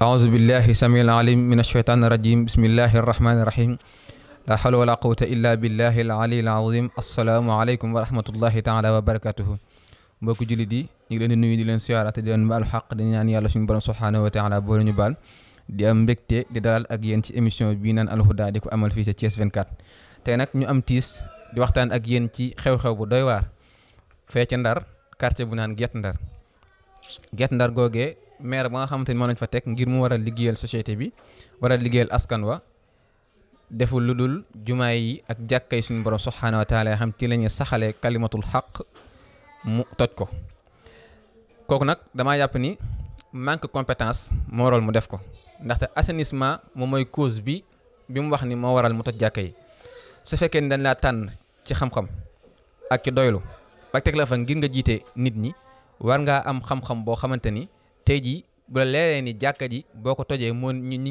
أعوذ بالله سميع العليم من الشيطان الرجيم بسم الله الرحمن الرحيم لا حول ولا قوة إلا بالله العلي العظيم السلام عليكم ورحمة الله تعالى وبركاته mbokku jullit yi ñu ngi leen di nuyu di leen siyaara di leen baal xaq di ñaan yàlla suñu borom subhaanahu wa taala baal di am mbégte di dalal ak yéen ci émission bii naan alhuda di ko amal fii ci Thiès 24 tey nag ñu am tiis di waxtaan ak yéen ci xew-xew bu doy waar fee ca Ndar quartier bu naan Guet Ndar Guet maire ba nga xamante ni moom lañ fa teg ngir mu war a liggéeyal société bi war a liggéeyal askan wa deful lu dul jumaa yi ak jàkkay suñu borom subhaanahu wa taala xam ci la ñuy saxalee kalimatul xaq mu toj ko kooku nag dama yàpp ni manque compétence moo waral mu def ko ndaxte assainissement moom mooy cause bi bi mu wax ni moo waral mu toj jàkka yi su fekkee ni dañ laa tànn ci xam-xam ak ci doylu ak teg la fa ngir nga jiite nit ñi war nga am xam-xam boo xamante ni tey jii bu la leeree ni jàkka ji boo ko tojee mu indi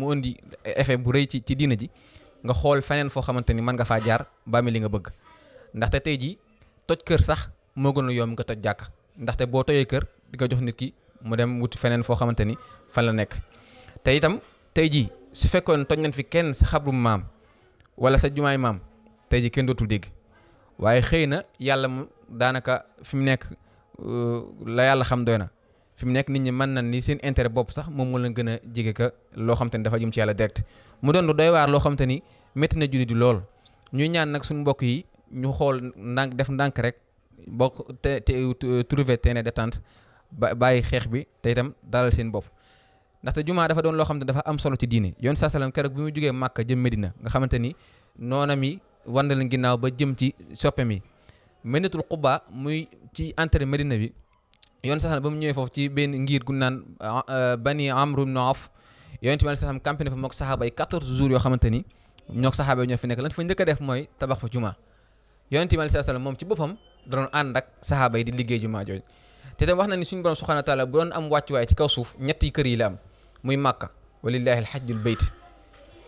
mu indi effet bu rëy ci ci diina ji nga xool feneen foo xamante ni mën nga faa jaar ba li nga bëgg ndaxte tey jii toj kër sax moo gën a yomb nga toj jàkk ndaxte boo tojee kër di nga jox nit ki mu dem wuti feneen foo xamante ni fan la nekk tey itam tey jii su fekkoon toj nañ fi kenn sa xabru maam wala sa jumaay maam tey jii kenn dootul dégg waaye xëy na yàlla mu daanaka fi mu nekk euh, la yàlla xam doy na fi mu nekk nit ñi mën nañ ni seen intérêt bopp sax moom moo leen gën a jege ka loo xam te dafa jëm ci yàlla direct mu doon lu doy waar loo xam te ni métti na jullit di lool ñuy ñaan nag suñu mbokk yi ñu xool ndànk def ndànk rek bokk te te trouver terrain d'entente ba bàyyi xeex bi te itam dalal seen bopp. ndaxte jumaa dafa doon loo xam te dafa am solo ci diine yoon saa salaam keroog bi mu jógee Màkka jëm Medina nga xamante ni noonam mi wan na leen ginnaaw ba jëm ci soppe mi Médinatul Quba muy ci entrée Medina bi. yoon sax ba mu ñëwee foofu ci benn ngir gu naan euh, bani amru ibn auf yonent bi sax campé fa mook saxaaba yi 14 jours yoo xamante ni ñook saxaaba yi ñoo fi nekk lan fa njëkk a def mooy tabax fa juma yonent bi moom ci boppam da doon ànd ak saxaaba yi di liggéey juma jooju te tam wax na ni suñu borom subhanahu wa taala bu doon am wàccuwaay ci kaw suuf ñetti kër yi la am muy màkka walillahi alhajjul bayt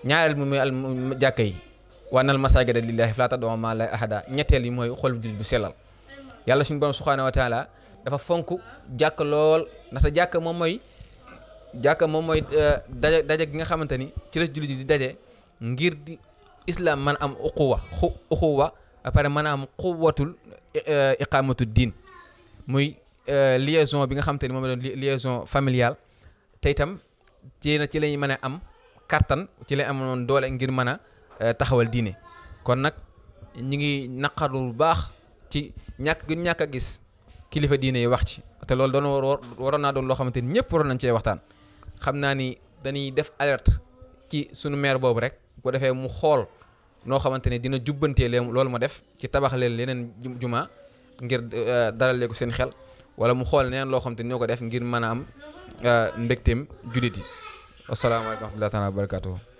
ñaareel bi muy al jàkka yi wa anal masaajida lillahi falaa tad'uu ma'a llaahi ahadaa ñetteel yi mooy xol bu jullit bu sellal yàlla suñu borom subhanahu wa taala dafa fonk jàkk lool ndaxte jàkk moom mooy jàkk moom mooy euh, daje daje gi nga xamante ni ci la jullit yi di daje ngir di islam mën am uquwa uquwa ba pare mën a am quwatul euh, iqamatu diin muy euh, liaison bi nga xamante ni moom la doon liaison familiale te itam ci na ci lañ mën a am kattan ci lañ amoon doole ngir mën a taxawal diine kon nag ñi ngi naqaru baax ci ñàkk gi ñàkk a gis kilifa diine yi wax ci te loolu doon waroon naa doon loo xamante ni ñëpp waroon nañ cee waxtaan xam naa ni dañuy def alerte ci suñu maire boobu rek bu ko defee mu xool noo xamante ne dina jubbantee loolu ma def ci tabax leen leneen jumaa ngir euh, dalalee ko seen xel wala mu xool neen loo xamante ni ñoo ko def ngir mën a am euh, mbégteem jullit yi asalaamaaleykum wa rahmatulah taala wa barakatuh